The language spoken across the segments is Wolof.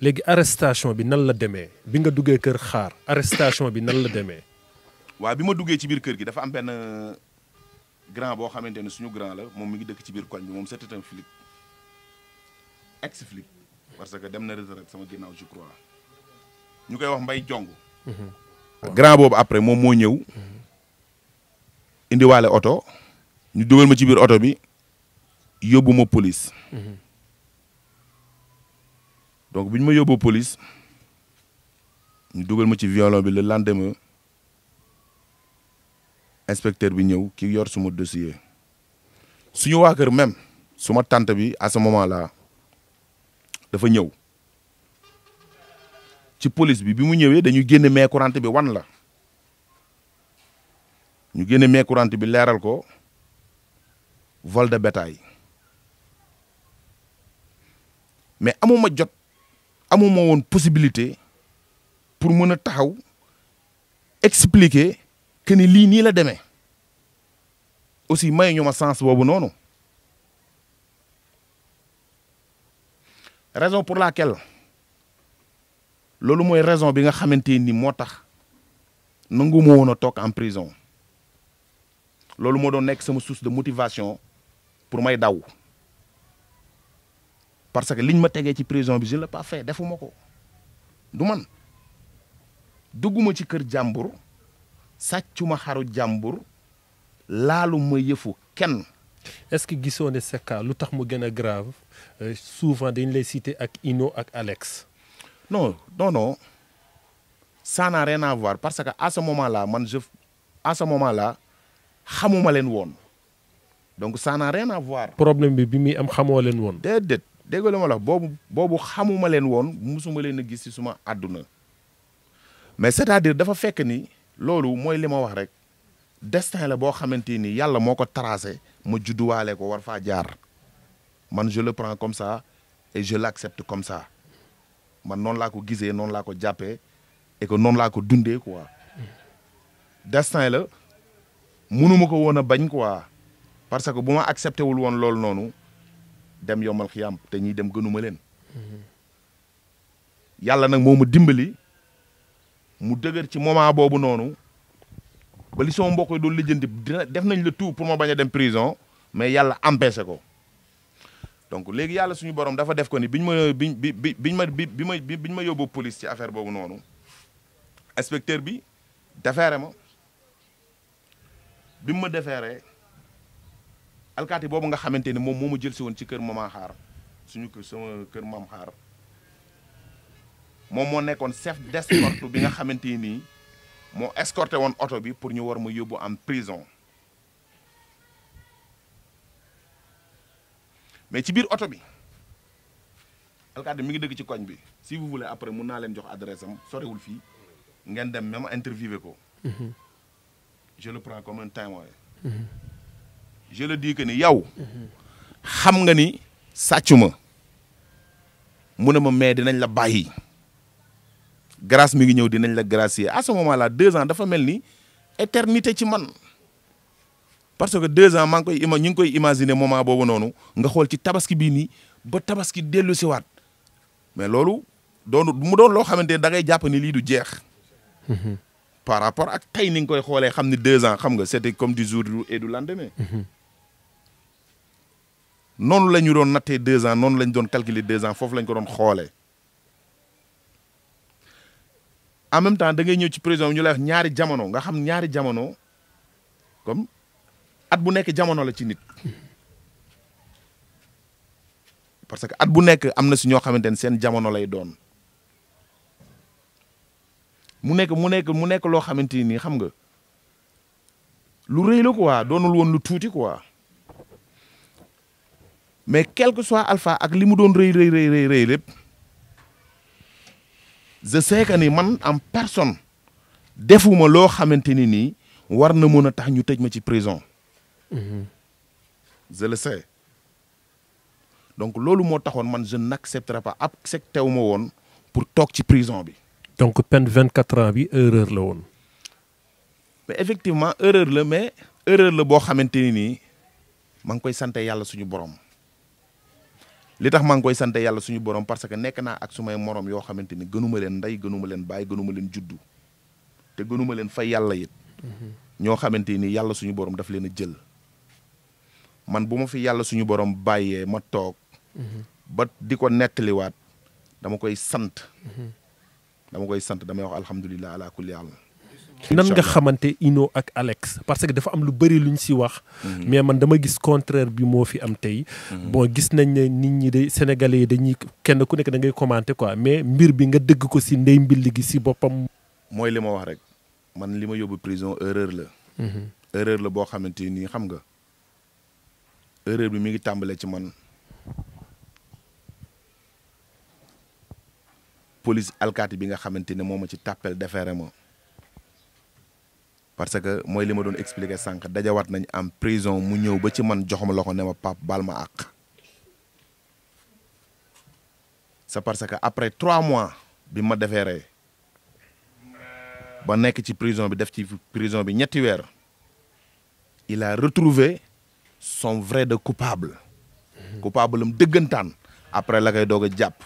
léegi arrestation bi nan la demee bi nga duggee kër xaar arrestation bi nan la demee. waaw bi ma duggee ci biir kër gi dafa am benn euh, grand boo xamante ne suñu grand la moom mi ngi dëkk ci biir koñ bi moom c'était un flic ex flic parce que dem na retraite sama ginnaaw je roi ñu koy wax mbay jong mhm. grand boobu après moom moo ñëw indiwaale oto ñu dugal ma ci biir oto bi yóbbu ma police. Mhm. donc bi ñu ma yóbboo police ñu dugal ma ci violon bi le lendemain inspecteur bi ñëw ki yor suma dossier suñu waa kër même suma tànt bi à ce moment dafa ñëw ci police bi bi mu ñëwee dañu génne main courante bi wan la ñu génne main courante bi leeral ko vol de bétail mais amuma jot amuma won possibilité pour mën taxaw expliquer que ni li ni la démé aussi may ñuma ma sens boobu noonu raison pour laquelle lolu moy raison bi nga xamante ni moo tax nangu en prison lolu mo do nek sama source de motivation pour may daw parce que liñ je suis en prison fait. je l'ai pas fait ne pas man ci est-ce que ne ce mu grave euh, souvent de une citer avec Ino et Alex. non non non ça n'a rien à voir parce que à ce moment-là je à ce moment-là donc ça n'a rien à voir. problème bi bi je pas dégg ma la xamuma musuma suma mais c'est-à-dire dafa fekk ni loolu mooy li ma wax rek destin la boo xamante ni ko tracé war je le prends comme ça et je l'accepte comme ça man non laa ko gisee noonu laa ko et que ko quoi destin la mënuma ko woon a quoi parce que bu ma accepté wul dem yombal xiyaam te ñuy dem gënuma leen yàlla nag moo ma dimbali mu dëgër ci moment boobu noonu ba li sama mbokk yi doon dina def nañ le tout pour ma bañ a dem prison mais yàlla empêché ko donc léegi yàlla suñu borom dafa def ko ni biñ ma biñ bi bi biñ ma bi bi ma biñ ma yóbbu police ci affaire boobu noonu inspecteur bi defeere ma bi ma defeeree alkaati bobu nga xamanteni mom momu jël ci won ci kër mama xaar suñu kër sama kër mam xaar moom moo nekkoon chef d'escorte bi nga xamanteni mo moo escorté woon oto bi pour ñu war ma yóbbu en prison mais ci biir auto bi alkaati mi ngi dëgg ci koñ bi si vous voulez après mun naa leen jox adresse am sorewul fii ngeen dem même interviewé ko mhm. je le prends comme un témoin -hmm. je le dis que ni yow xam nga ni sàccu ma mu ne ma mais dinañ la bàyyi grâce mi ngi ñëw dinañ la gracier à ce moment là deux ans dafa mel ni éternité ci man parce que deux ans maa ngi koy ima ñu ngi koy imaginer moment boobu noonu nga xool ci tabaski bii nii ba tabaski dellu si waat mais loolu doonu mu doon loo xamante ne da ngay jàpp ni lii du jeex mhm. par rapport ak tey ni nga koy xoolee xam ni deux ans xam nga c'était comme du jour et du lendemain mhm. noonu la ñu doon nattee deux ans noonu la ñu doon calculer deux ans foofu la ñu ko doon xoolee en même temps da ngay ñëw ci président ñu lay ñaari jamono nga xam ñaari jamono comme at bu nekk jamono la ci nit parce que at bu nekk am na si ñoo xamante ne seen jamono lay doon mu nekk mu nekk mu nekk loo xamante ni xam nga lu rëy ko quoi doonul woon lu tuuti quoi. mais quel que soit alpha ak limu don doon rëy rëy rëy rëy lépp je sais que ni man en personne defuma lo xamanteni ni warna war na tax ñu tëj ma ci prison. Mhm. je le sais donc lolu mo taxone man je n'accepterai pas accepté wu ma won pour tok ci prison bi. donc peine vingt quatre ans bi erreur la won mais effectivement erreur la mais erreur la bo xamanteni ni mang koy santé yalla suñu borom. li tax maa ngi koy sante yàlla suñu borom parce que nekk naa ak sumay moroom yoo xamante ni gënuma leen ndey gënuma leen bàyyi gënuma leen juddu te gënuma leen fay yàlla yit mm-hmm. ñoo xamante ni yàlla suñu borom daf leen a jël man bu ma fi yàlla suñu borom bàyyee ma toog mm-hmm. ba di ko nettaliwaat dama koy sant mm-hmm. dama koy sant damay wax alhamdulilah ala kulli haal nan nga xamante Ino ak Alex parce que dafa am lu bëri luñ si wax. Mhm. mais man dama gis contraire bi moo fi am tey. Mhm. bon gis nañ ne nit ñi day sénégalais yi dañuy kenn ku nekk da ngay commenter quoi mais mbir bi nga dëgg ko si ndey mbill gi si boppam. mooy li ma wax rek man li ma yóbbu prison erreur la. Mhm. erreur la boo xamante ni xam nga erreur bi mi ngi tàmbalee ci man. police alkaati bi nga xamante ne moom ma ci tàppel defeere ma parce que moi li ma doon expliquer déjà dajawaat nañ en prison mu ñëw ba ci man jox ma loxo ne ma pap baal ma c'est parce que après trois mois bi ma defeeree ba nekk ci prison bi def ci prison bi ñetti weer il a retrouvé son vrai de coupable mhm. coupable de dëggantaan après la koy doog a jàpp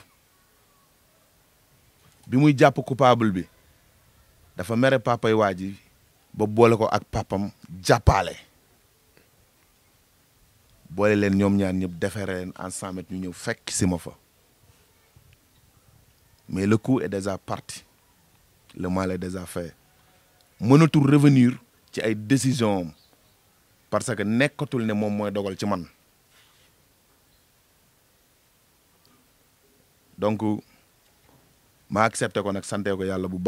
bi muy jàpp coupable bi dafa mere papa waa ji ba ko ak papam bolé len ñom ñaan len en ñu mais le coup est déjà parti le mal est déjà fait mënatul revenir ci ay décision parce que nekkatul ne mom moy dogal ci man donc ma accepté ko nak santé ko yalla bu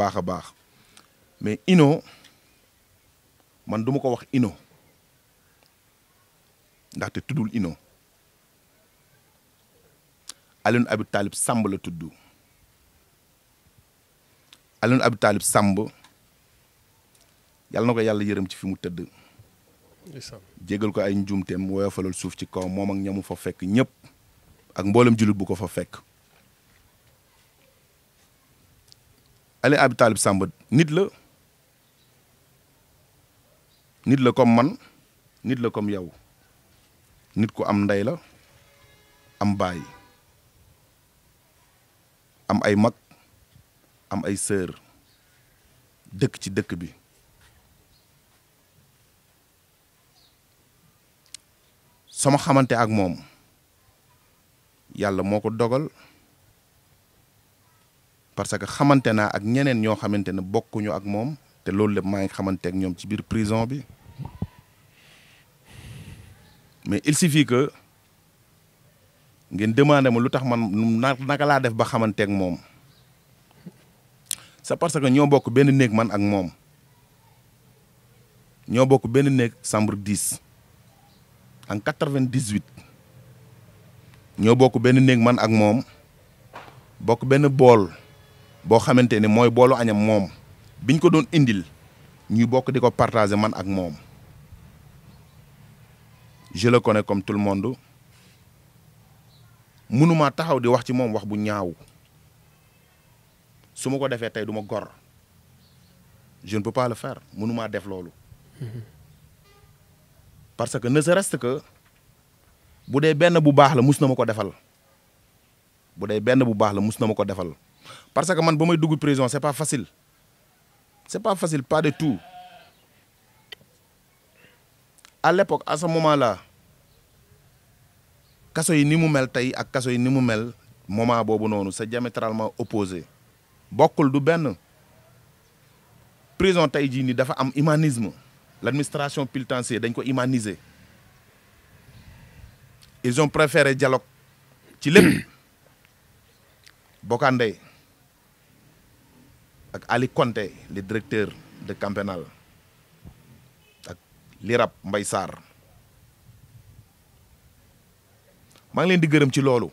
mais ino man duma ko wax Ino ndaxte tuddul Ino Alioune Abi Talib Samb la tudd Alioune Abi Talib Samb yàlla na ko yàlla yërëm ci fi mu tëdd jégal ko ay njuumteem woyofalal suuf ci kaw moom ak ñamu fa fekk ñépp ak mboolem jullit bu ko fa fekk Alioune Abi Talib Samb nit la nit la comme man nit la comme yow nit ku am ndey la am baay am ay mag am ay sœur dëkk ci dëkk bi sama xamante ak moom yàlla moo ko dogal parce que xamante naa ak ñeneen ñoo xamante ne bokkuñu ak moom te loolu lépp maa ngi xamante ak ñoom ci biir prison bi mais il suffit que ngeen demandé ma lutax man naka la def ba xamanté ak mom. c'est parce que ñoo bokk ben nek man ak mom ñoo bokk ben nek chambre 10 en 98 ñoo bokk ben nek man ak mom bokk ben bol bo xamanté ne moy bolu añam mom biñ ko doon indil ñuy bokk diko partager man ak mom je le connais comme tout le monde mënuma taxaw di wax ci moom wax bu ñaaw su ma ko defee tey gor je ne peux pas le faire mënumaa def loolu parce que ne serait-ce que bu ben benn bu baax la mus na ma ko defal bu dee benn bu baax la mus na ma ko defal parce que man ba may prison c'est pas facile c'est pas facile pas du tout à l'époque à ce moment-là kaso yi ni mu mel ni moment c'est diamétralement opposé bokkul du benn prison dafa humanisme l'administration pénitentiaire dañ ko ils ont préféré dialogue ci lépp ak Ali le directeur de camp ak Lirab maa ngi leen di gërëm ci loolu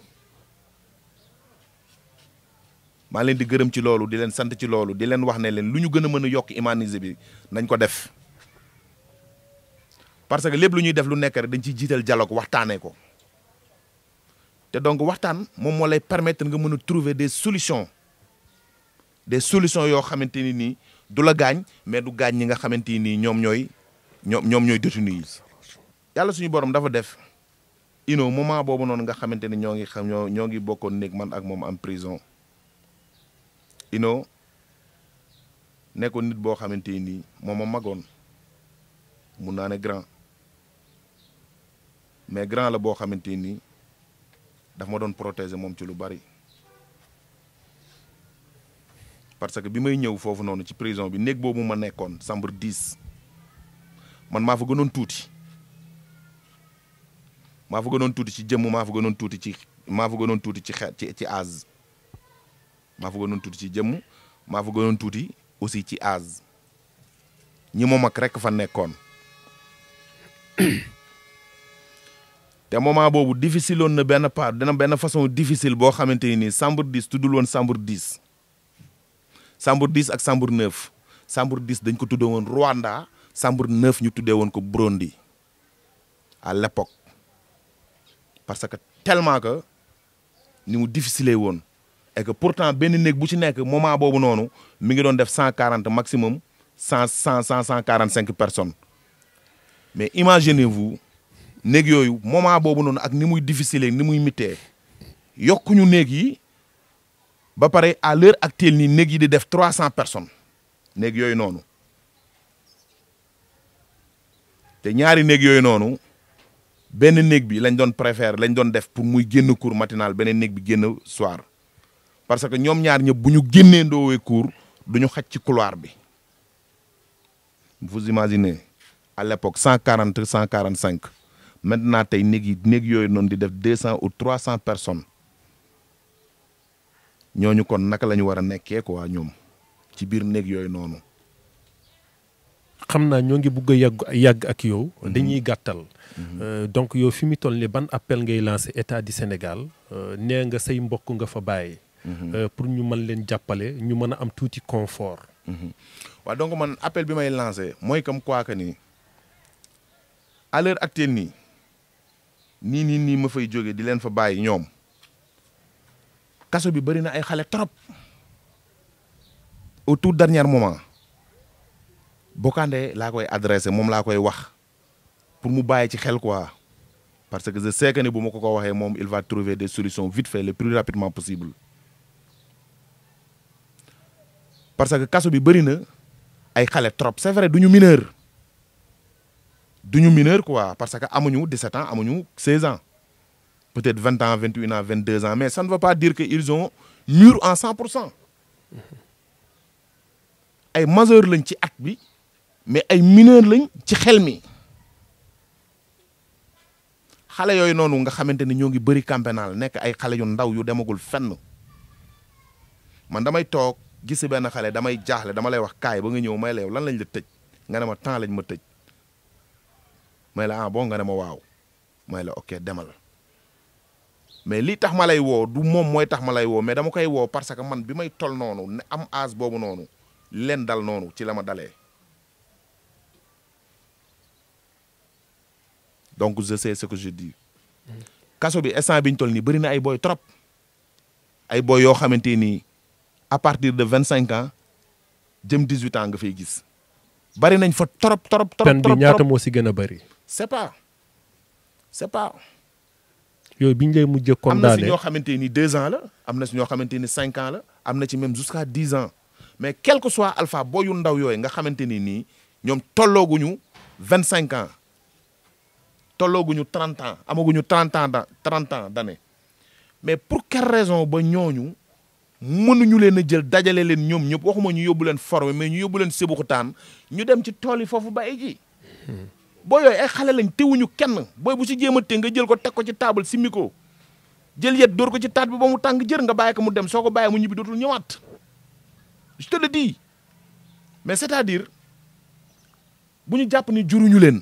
maa leen di gërëm ci loolu di leen sant ci loolu di leen wax ne leen lu ñu gën a mën a yokk humaniser bi nañ ko def parce que lépp lu ñuy def lu nekk rek dañ ciy jiital dialogue waxtaanee ko te donc waxtaan moom moo lay permettre nga mën a trouver des solutions des solutions yoo xamante ni nii du la gaañ mais du gaañ ñi nga xamante ni ñoom ñooy ñoom ñoom ñooy détenus yi yàlla suñu borom dafa def. ino moment boobu noonu nga xamante ni ñoo ngi xam ñoo ñoo ngi bokkoon néeg man ak moom am prison ino nekkoon nit boo xamante ni moom ma magoon mun naa ne grand mais grand la boo xamante ni daf ma doon protéger moom ci lu bari parce que bi may ñëw foofu noonu ci prison bi néeg boobu ma nekkoon chambre 10 man maa fa gënoon tuuti. ma fa gënon tuuti ci jëm ma fa gënon tuuti ci ma fa gënon tuuti ci ci ci az ma fa gënon tuuti ci jëm ma fa gënon tuuti aussi ci az ñi mo mak rek fa nekkon té moment bobu difficile woon na ben part dina ben façon difficile bo xamanteni ni sambour 10 tudul won sambour 10 sambour 10 ak sambour 9 sambour 10 dañ ko tuddee woon Rwanda sambour 9 ñu tuddee woon ko brondi à l'époque parce que tellement que nous difficile et que pourtant ben nek bu ci nek moment bobu nonu mi ngi don 140 maximum 100 100 145 personnes mais imaginez-vous nek yoyu moment bobu nonu ak ni muy difficile ni muy mité yokku ñu nek yi ba paré à l'heure actuelle ni nek yi di def 300 personnes nek yoyu nonu té ñaari nek ben nek bi lañ doon préférer lañ doon def pour muy génn cour matinal benen nek bi génn soir parce que ñom ñaar ñe buñu génné ndowé cour duñu xacc ci couloir bi vous imaginez à l'époque 140 145 maintenant tay nek yi yoy non di def 200 ou 300 personnes ñoñu kon naka lañu wara nekké quoi ñom ci bir nek yoy nonou xam naa ñoo ngi bugg a yàgg yàgg ak yow mhm. dañuy gàttal mhm. euh, donc yow fi mu toll ni ban appel ngay lancé état du Sénégal euh, nee nga say mbokk nga fa bàyyi mhm. euh, pour ñu mën leen jàppale ñu mën am tuuti confort wa donc man appel bi may lancé mooy comme quoi que ni à l'heure actuelle nii nii nii nii ma fay di leen fa kaso bi bëri na ay xale trop au tout dernier moment Bokande la koy adressé mom la koy wax pour mu baye ci xel quoi parce que je sais que ni buma ko ko il va trouver des solutions vite fait le plus rapidement possible parce que kasso bi bëri na ay xalé trop c'est vrai duñu mineur duñu mineur quoi parce que amuñu 17 ans amuñu 16 ans peut-être 20 ans 21 ans 22 ans mais ça ne veut pas dire qu'ils ont mûr en 100 ay majeur lañ ci mais ay mineur lañ ci xel mi xale yooyu noonu nga xamante ni ñoo ngi bëri camp pénal nekk ay xale yu ndaw yu demagul fenn man damay toog gise benn xale damay jaaxle dama lay wax kaay ba nga ñëw may la yow lan lañ la tëj nga ne ma temps lañ ma tëj may la ah bon nga ma waaw may la ok demal mais lii tax ma lay woo du moom mooy tax ma lay woo mais dama koy woo parce que man bi may tol noonu ne am âge boobu noonu leen dal noonu ci la ma dalee. donc je sais ce que je dis kaso bi instant biñ toll na ay boy trop ay à partir de 25 ans jëm 18 ans nga fay gis nañ fa trop trop. trop a c'est pas c'est pas. lay ans la ans la ci même jusqu'à 10 ans mais quel que soit alpha Vous ndaw yoy nga xamanteni ni ñom vingt ans. tollooguñu trente ans amaguñu trente ans da trente ans d'année mais pour quelle raison ba ñooñu mënuñu leen a jël dajale leen ñoom ñëpp ma ñu yóbbu leen forme mais ñu yóbbu leen Sébikotane ñu dem ci tool yi foofu bàyyi ji boo yooyu ay xale lañ tewuñu kenn booy bu si jéem a te nga jël ko teg ko ci table si micro jël yet dóor ko ci taat bi boo mu tàng jër nga bàyyi ko mu dem soo ko bàyyi mu ñibbi dootul ñëwaat je te le mais c'est-à-dire bu ñu jàpp ni juruñu leen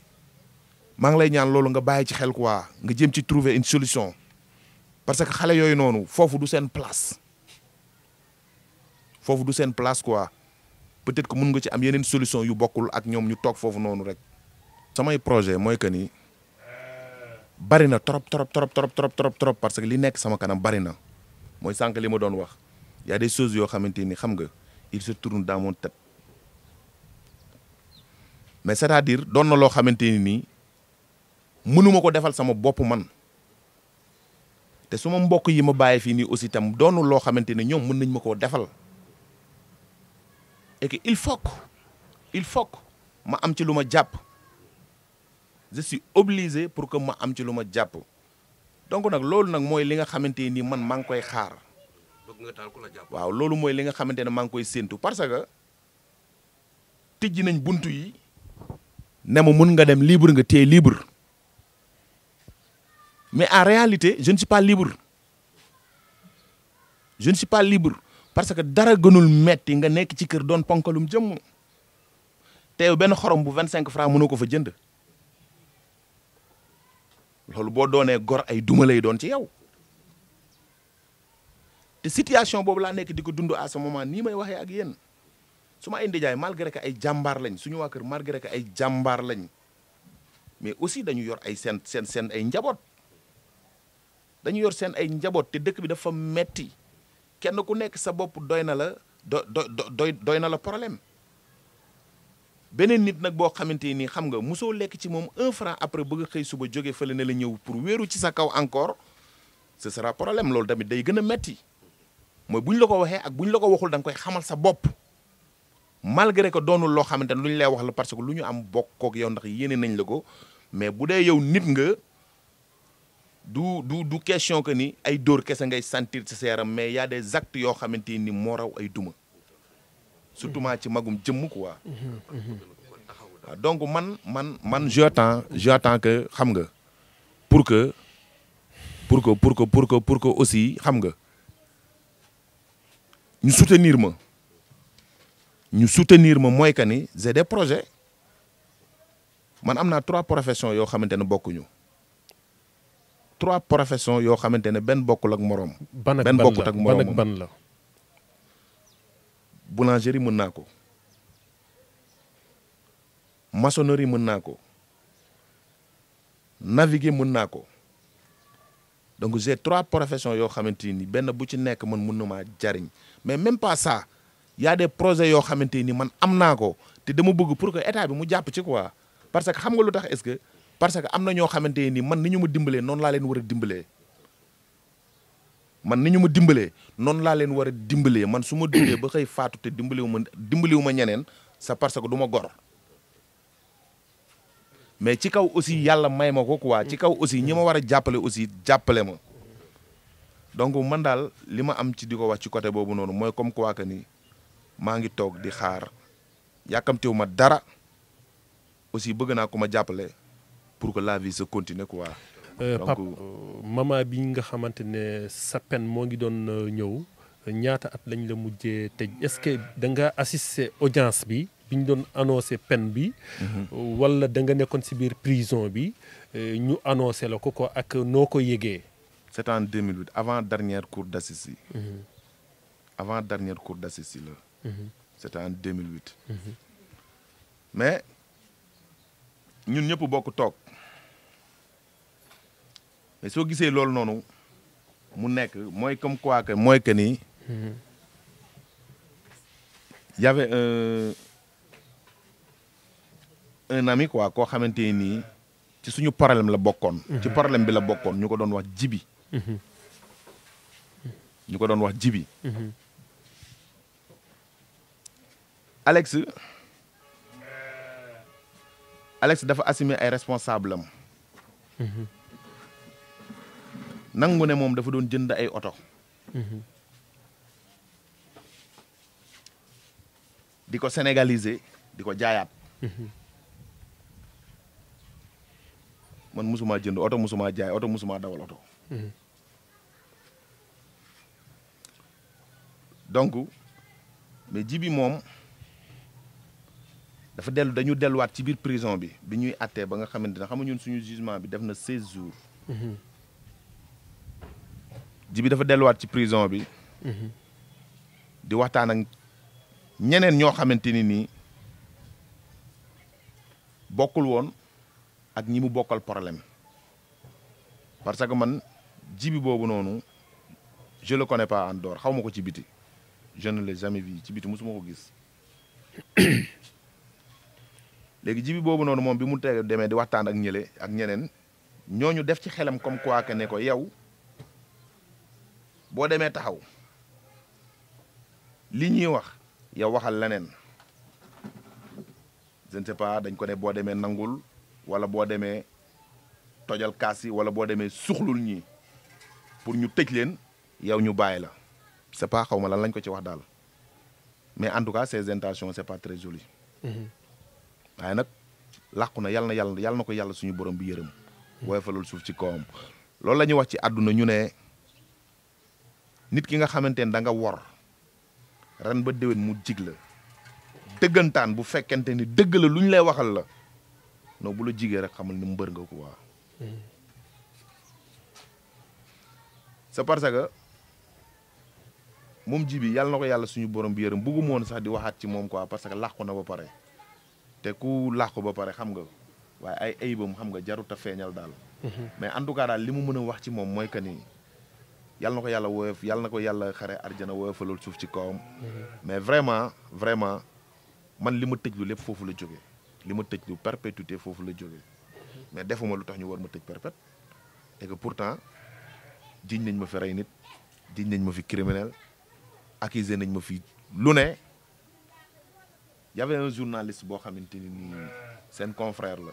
maa lay ñaan loolu nga bàyyi ci xel quoi nga jëm ci trouver une solution parce que xalé yoy nonu fofu du sen place fofu du sen place quoi peut-être que mën nga ci am yeneen solution yu bokul ak ñom ñu tok fofu nonu rek. samay projet moy que ni bari na trop trop trop trop trop trop trop parce que li nekk sama kanam bari na mooy sànq li ma doon wax il y a des choses yo xamanteni xam nga il se tourne dans mon tête mais c'est-à-dire doon na loo xamante ni mënuma ko defal sama bopp man te suma mbokk yi ma bàyyi fii nii aussi tam doonul loo xamante ne ñoom mën nañ ma koo defal et il faut il faut ma am ci lu ma jàpp je suis obligé pour que ma am ci lu ma jàpp donc nag loolu nag mooy li nga xamante nii man maa ngi koy xaar. bëgg nga la jàpp. waaw loolu mooy li nga xamante ne maa ngi koy séentu parce que tijji nañ buntu yi. ne ma mën nga dem libre nga téye libre. Mais en réalité, je ne suis pas libre. Je ne suis pas libre. Parce que dara gënul metti nga nekk ci kër doon ponkalum jëm. ben xorom bu 25 francs fa jënd Lolu bo gor ay duma lay doon ci yow situation bobu à ce moment ni may ak malgré que ay jambar lañ malgré que ay mais aussi dañu yor ay sen sen dañu yor seen ay njaboot te dëkk bi dafa metti kenn ku nekk sa bopp doy na la do doy doy na la problème beneen nit nag boo xamante ni xam nga musoo lekk ci moom un après bëgg xëy suba jóge fële ne la ñëw pour wéeru ci sa kaw encore ce sera loolu tamit day gën a metti mooy bu ñu la ko waxee ak bu ñu la ko waxul da nga koy xamal sa bopp malgré ko doonul loo xamante ne lu ñu lay wax la parce que lu ñu am bokk kook yow ndax yéene nañ la ko mais bu dee yow nit nga. du du du question que ni ay dóor kese ngay santir ci sa yaram mais y a des actes yoo xamante ni moo raw ay duma surtout maa ci magum jëmm ko waaw donc man man man j'attends j'attends que xam nga pour que pour que pour que pour que pour que aussi xam nga ñu soutenir ma ñu soutenir ma mooy que ni j'ai des projet man am naa trois professions yoo xamante ne bokkuñu. trois professions yoo xamante ne benn bokkul ak moroom. ban ak ban la benn bokkut ak moroomam ban la. mën naa ko. maçonnerie mën naa ko. naviguer mën naa ko. donc j'ai trois profession yoo xamante ni benn bu ci nekk mën mun na maa jariñ mais même pas ça y a des yoo xamante ni man am naa ko te dama bëgg pour que état bi mu jàpp ci quoi parce que xam nga lu tax est que. parce que am na ñoo xamante nii man ni ñu ma dimbalee noonu laa leen war a dimbalee man ni ñu ma dimbalee noonu laa leen war a dimbalee man su ma ba xëy faatu te dimbaliwu dimbaliwu ma ñeneen c'est parce que duma ma gor mais ci kaw aussi yàlla may ma ko quoi ci kaw aussi ñi ma war a jàppale aussi jàppale ma donc man daal li ma am ci di ko wax ci côté boobu noonu mooy comme quoi que ni maa ngi toog di xaar yàkkamtiwu ma dara aussi bëgg naa ku ma jàppale pour que la vie se continue quoi. Euh, Pap euh, maman bi nga xamante sa peine moo ngi doon euh, ñëw ñaata at lañ la mujjé tej. est-ce que da nga assister audience bi biñ ñu annoncer peine bi. Mhm. wala da nga nekkoon ci bir prison bi ñu annoncer la ko ak noko ko c'est en 2008 avant dernière cour d'assises -hmm. avant dernière cour d'assises yi -hmm. Mhm. c'était en 2008. Mhm. mais ñun ñëpp bokk toog mais soo gisee loolu noonu mu nekk mooy comme quoi que mooy que ni. y avait un un ami quoi koo xamante nii ci suñu problème la bokkoon. ci mhm. problème bi la bokkoon ñu ko doon wa jibi. Mhm. ñu ko doon wax jibi. Mhm. Alex. Alex dafa assumer ay responsable am. Mhm. nangu ne moom dafa doon jënd ay oto. Mhm. di ko sénégaliser di ko jaayaat. Mhm. man musumaa jënd oto musuma jaay oto musuma dawal oto. donc mais ji moom. dafa dellu dañu delluwaat ci biir prison bi bi ñuy attee ba nga xamante ne xam ñun suñu jugement bi def na 16 jours mhm. ji bi dafa delluwaat ci prison bi mhm. di waxtaan ak ñeneen ñoo xamante ni nii bokkul woon ak ñi mu bokkal problème parce que man jibi boobu noonu je le connais pas en dehors xaw ma ko ci biti je ne l'ai jamais vu ci biti mosuma ko gis Les gens qui ont été bi mu di waxtaan ak ak def ci comme quoi que ne ko yow bo deme taxaw je ne sais pas dañ ko ne bo nangul wala bo le tojal kasi wala bo deme suxlul ñi pour ñu tëj leen yow ñu la c'est pas xawma lan lañ ko ci wax mais en tout cas ces intentions c'est pas très joli. Mm-hmm. waye nak lakuna yalla na yalla yalla nako yalla suñu borom bi yeureum woyfalul suuf ci kawam loolu lañu wax ci aduna ñu ne nit ki nga xamantene da nga wor ran ba déwén mu jigla la bu fekente ni deug la luñ lay waxal la no bu lu jigee rek xamal ni mbeur nga ko waa sa parce que mom jibi yalla nako yalla suñu borom bi yërëm bëgguma woon sax di waxat ci mom quoi parce que lakuna ba pare te ku laax ko ba pare xam nga waaye ay ayibam xam nga jarut a feeñal daal. Mhm. mais en tout cas daal li mu mën a wax ci moom mooy que ni yal na ko yàlla woyof yal na ko yàlla xare arjana woyofalul suuf ci kawam. Mhm. mais vraiment vraiment man li ma lu lépp foofu la jóge li ma tëjlu perpétuité foofu la jógee mais defuma lu tax ñu war ma tëj perpète et que pourtant jiñ nañ ma fi rey nit jiñ nañ ma fi criminel accusé nañ ma fi lu ne. y avait boo xamante ni nii seen confrère la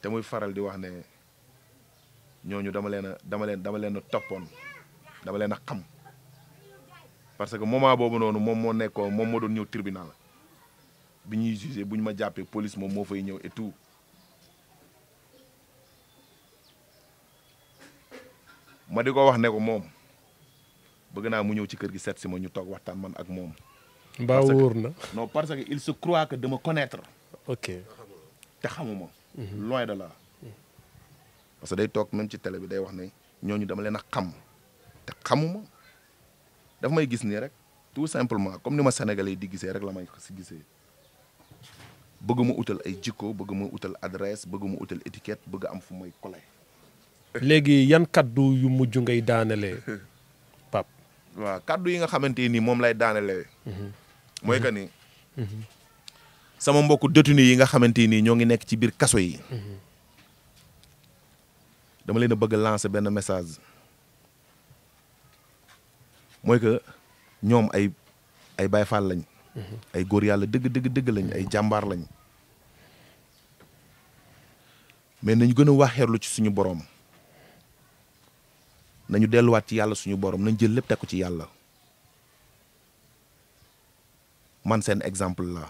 te muy faral di wax ne ñooñu dama leen dama leen dama leen a toppoon dama leen a xam parce que moom moment boobu noonu moom moo nekkoo moom moo doon ñëw tribunal bi ñuy jugé bu ñu ma jàppee police moom moo fay ñëw et tout ma di ko wax ne ko moom bëgg naa mu ñëw ci kër gi seet si ma ñu toog waxtaan man ak moom mbaa non parce que il se croit que de me connaître. ok te xamuma. Mhm. loin de là. parce que day toog même ci télé bi day wax ne ñooñu dama leen a xam te xamuma dafa may gis nii rek tout simplement comme ni ma Sénégalais yi di gisee rek la may si gisee bëgg ma utal ay jikko bëgg ma utal adresse bëgg ma utal étiquette bëgg am fu may collé. léegi yan kaddu yu mujj ngay daanelee Pape. waaw kaddu yi nga xamante ni moom lay daanelee. Mhm. mooy que ni sama mbokku détenu yi nga xamante nii ñoo ngi nekk ci biir kaso yi dama leen a bëgg lancer benn message mooy que ñoom ay ay Baay Faal lañ ay góor yàlla dëgg dëgg lañ ay jàmbaar lañ mais nañ gën a waxeerlu ci suñu boroom nañu delluwaat ci yàlla suñu boroom nañ jël lépp teg ci yàlla man sen exemple la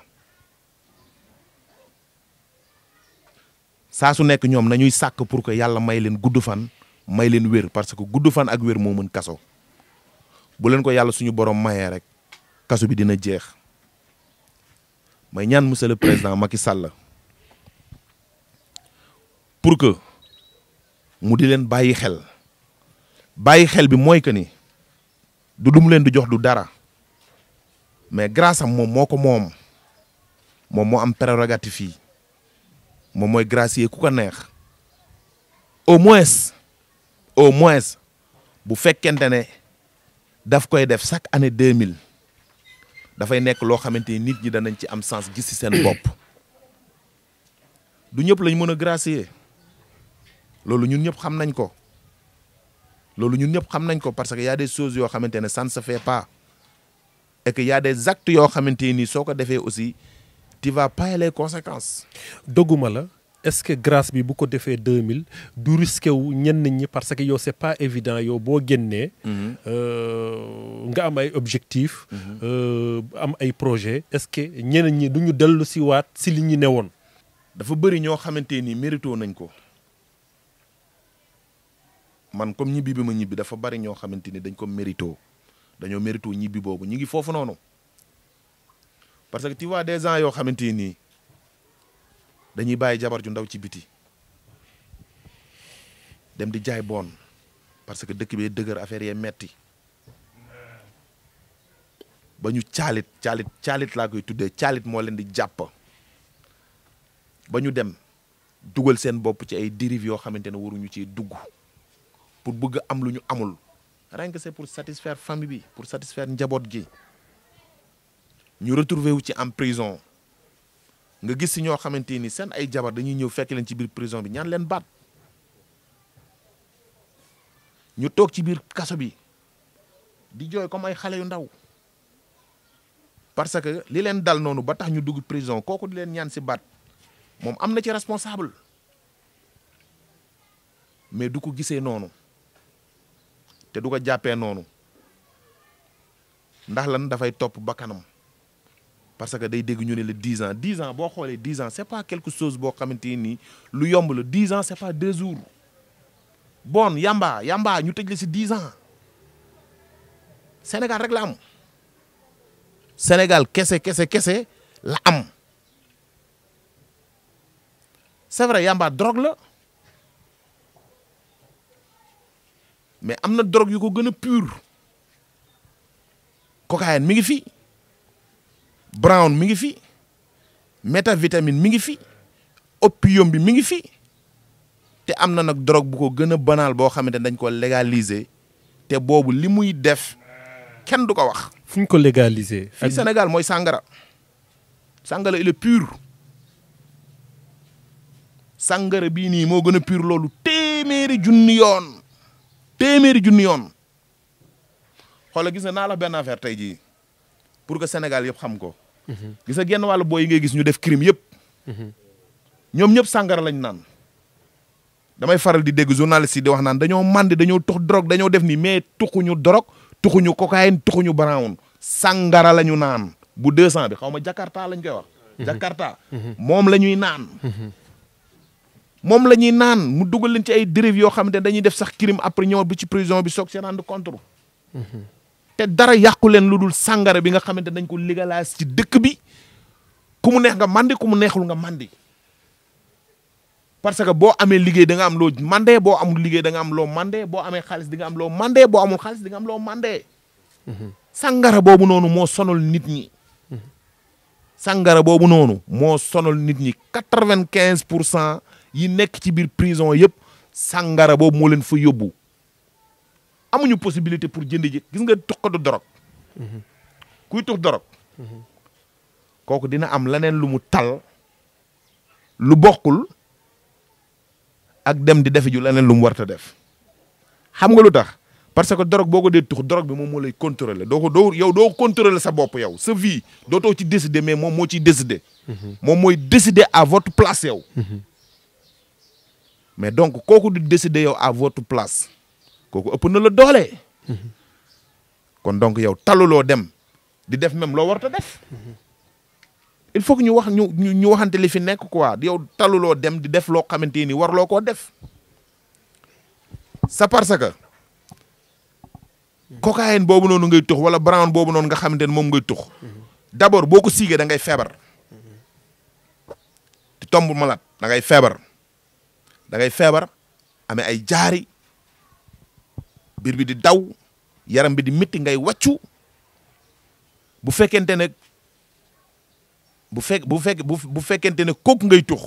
sa su nek ñom nañuy sak pour que yalla may leen guddu fan may leen wër parce que guddu fan ak wër mo mën kaso bu leen ko yalla suñu borom maye rek kaso bi dina jeex may ñaan monsieur le président Macky Sall pour que mu di leen bàyyi xel bàyyi xel bi mooy que ni du dum leen di jox du dara mais grâce à mon moko mom mom mo am prérogative yi moom gracier kou ko au moins au moins vous faites ne daf koy def chaque année 2000, da fay nek lo ce nit ñi dañ ci am sens gis ci sen bop du lañ gracier ñun xam nañ ko ñun xam parce que y a des choses yo ne se fait pas et qu'il y a des actes yoo xamante nii soo ko defee aussi tu vas payer les conséquences. dogguma la est-ce que grâce bi bu ko defee 2000 du risqué wu ñenn ñi parce que yow c'est pas évident yow boo génnee. Mhm. Euh, nga am ay objectifs. Mhm. Euh, am ay projets. est-ce que ñeneen ñi du ñu dellu si waat si li ñu newoon. dafa bëri ñoo xamante ni mérito nañ ko man comme ñibbi bi ma ñibbi dafa bëri ñoo xamante ni dañ ko mérito. dañoo méritu ñibbi boobu ñu ngi foofu noonu parce que tu vois des gens yoo xamante nii dañuy bàyyi jabar ju ndaw ci biti dem di jaay bon parce que dëkk bee dëgër affaire yee metti ba ñu caalit caalit caalit laa koy tuddee caalit moo leen di jàpp ba ñu dem dugal seen bopp ci ay dérive yoo xamante ne waruñu ci dugg pour bëgg am lu ñu amul rien que c'est pour satisfaire famille bi pour satisfaire njabot gi ñu retrouver wu ci en prison nga gis ñoo xamante sen ay jabar dañuy ñëw fekk leen ci biir prison bi ñaan leen baat ñu tok ci biir kasso bi di joy comme ay xalé yu ndaw parce que li leen dal nonu ba tax ñu dugg prison koku di leen ñaan si bat. mom amna ci responsable mais du ko gisee noonu té duko jappé nonou ndax lan da fay top bakanam parce que day dégg ñu né le 10 ans 10 ans bo xolé 10 ans c'est pas quelque chose bo Lui, lu yomb 10 ans c'est pas 2 jours bon yamba yamba ñu tejj le 10 ans sénégal rek la am sénégal quest ce que la am c'est vrai yamba drogue la mais am na drogue yu ko gën a pur cocaïne mi ngi fi brown mi ngi fi métavitamine mi ngi fi opium bi mi ngi fi te am na nag drogue bu ko gën a banal boo xamante ne dañ ko légalisé te boobu li muy def kenn du ko wax. fu ko légaliser. fii Sénégal mooy sàngara sàngara il pur sàngara bii nii moo gën a pur loolu téeméeri junni yoon. téeméeri junni yoon xoola gis nga naa la benn affaire tey jii pour que Sénégal yëpp xam ko. Mhm. gis nga genn wàllu booy yi ngay gis ñu def kirim yëpp. Mhm. ñoom ñëpp sàngara lañ naan. damay faral di dégg journaliste yi di wax naan dañoo màndi dañoo tux drogue dañoo def ni mais tuxuñu drogue tuxuñu cocaïne tuxuñu brown sàngara la ñu naan bu 200 bi xaw ma Jakarta lañ koy wax. Mhm. Jakarta moom la ñuy naan. moom la ñuy naan mu dugal leen ci ay dérive yoo xam ne dañuy def sax crime après ñëw bi ci prison bi soog seen rendre compte mm-hmm. te dara yàqu leen lu dul sàngara bi nga xamante dañ ko légaliser ci dëkk bi ku mu neex nga mandi ku mu neexul nga mandi parce que boo amee liggéey da am loo mandee boo amul liggéey da am loo mandee boo amee xaalis di nga am loo mandee boo amul xaalis di nga am loo mandee mm-hmm. sàngara boobu noonu moo sonal nit ñi mm-hmm. sàngara boobu noonu moo sonal nit ñi quatre-vingt-quinze pour cent yi nekk ci biir prison yëpp sàngara boobu moo leen foo yóbbu amuñu possibilité pour jënd ji gis nga tuxkatu dorog mm-hmm. kuy tux dorog mm-hmm. kooku dina am leneen lu mu tal lu bokkul ak dem di defe ju leneen lu mu warta def xam nga lu tax parce que dorog boo ko dee tux dorog bi moom moo lay contrôler doo ko doo yow doo contrôler sa bopp yow sa vie dootoo ci décider mais moom moo ciy décider mm-hmm. moom mooy décider à votre place yow mais donc koku di décider yow à votre place koku ëpp na la doole. kon donc yow lo dem di def même lo warta def. il faut que ñu wax ñu ñu waxante li fi nekk quoi yow lo dem di def lo xamanteni ni lo ko def. sa parce que. cocaïne bobu noonu ngay tux wala brown bobu non nga xamanteni mom ngay tux. d'abord boko ko da ngay fièvre di malade da ngay fièvre da ngay feebar amee ay jaari biir bi di daw yaram bi di métti ngay wàccu bu fekkente ne bu fekk bu fekkee bu fekkente ne kooku ngay tux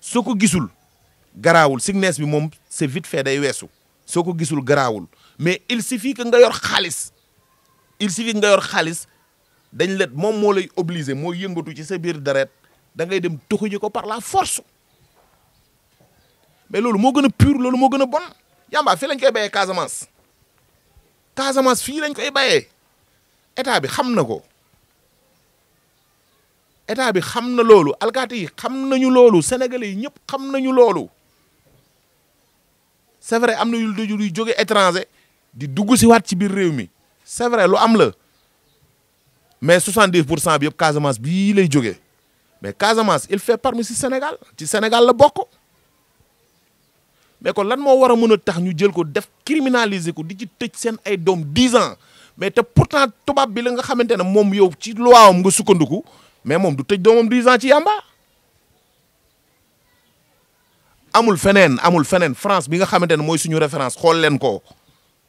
soo ko gisul garaawul sickness bi moom c'est vite fait day weesu soo ko gisul garaawul mais il suffit que nga yor xaalis il suffit que nga yor xaalis dañ let moom moo lay obligé moo yëngatu ci sa biir deret da ngay dem tuxu ji ko par la force mais lolu mo gëna pur lolu mo gëna bon yamba fi lañ koy béyee Casamance Casamance fi lañ koy béyee état bi xam na ko état bi xam na loolu alkaati yi xam nañu loolu sénégalais ñëpp xam nañu loolu c'est vrai amna na yu yu joggé étranger di dugg ci wat ci bir réew mi c'est vrai lu am la mais 70 pour cent bi yëpp Casamance bii lay joggé mais Casamance il fait parmi si Sénégal ci Sénégal la bokk. mais kon lan moo war a mën a tax ñu jël ko def criminaliser ko di ci tëj seen ay doom dix ans mais te pourtant tubaab bi la nga xamante ne moom yow ci loi am nga sukkandiku mais moom du tëj doomam dix ans ci yàmba. amul feneen amul feneen France bi nga xamante ne mooy suñu référence xool leen ko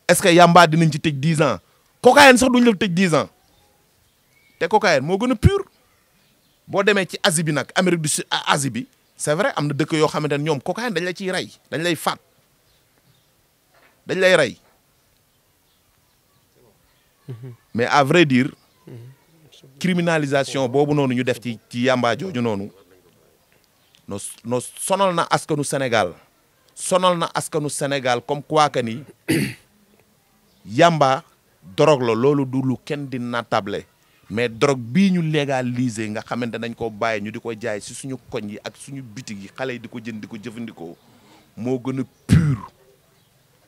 est-ce que yàmba dinañ ci tëj dix ans cocaïne sax ñu la tëj dix ans te cocaïne moo gën a pur boo demee ci Asie bi nag Amérique du Sud Asie bi. c'est vrai amna deuk yo xamantene ñom cocaïne dañ la ci ray dañ lay fat dañ lay ray mais à vrai dire criminalisation bobu nonu ñu def ci ci yàmbaa jooju no no sonal na askanu Sénégal sonal na askanu Sénégal comme quoi que ni yamba drogue lolu loolu du lu kenn di natable mais drogue bii ñu légaliser nga xamante dañ ko bàyyi ñu di ko jaay si suñu koñ yi ak suñu bitig yi xale yi di ko jënd di ko jëfandikoo moo gën a pur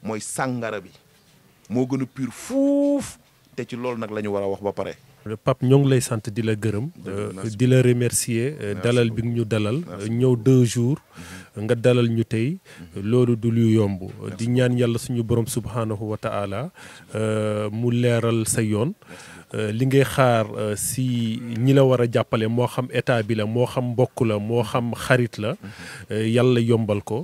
mooy sàngara bi moo gën a pur fuuf te ci loolu nag lañu ñu war a wax ba pare. Pape ñoo ngi lay sant di la gërëm euh, di la remercier euh, dalal bi ñu dalal euh, ñëw deux jours mm-hmm. nga dalal ñu tey mm-hmm. loolu du lu yomb di ñaan yàlla suñu borom subhanahu wa taala mu leeral sa yoon Euh, li ngay xaar euh, si ñi la war a jàppale moo xam état bi la moo xam mbokk la moo xam xarit la euh, yàlla yombal ko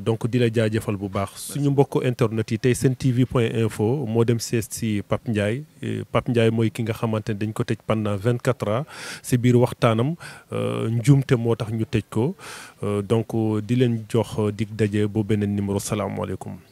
donc di la jaajëfal bu baax suñu mbokk internet yi tey seen tv point info moo dem sees si Pape Ndiaye Pape Ndiaye mooy ki nga xamante ne dañ ko tëj pendant vingt quatre ans si biir waxtaanam njuumte moo tax ñu tej ko donc di leen jox dig daje boo beneen numéro salaamaaleykum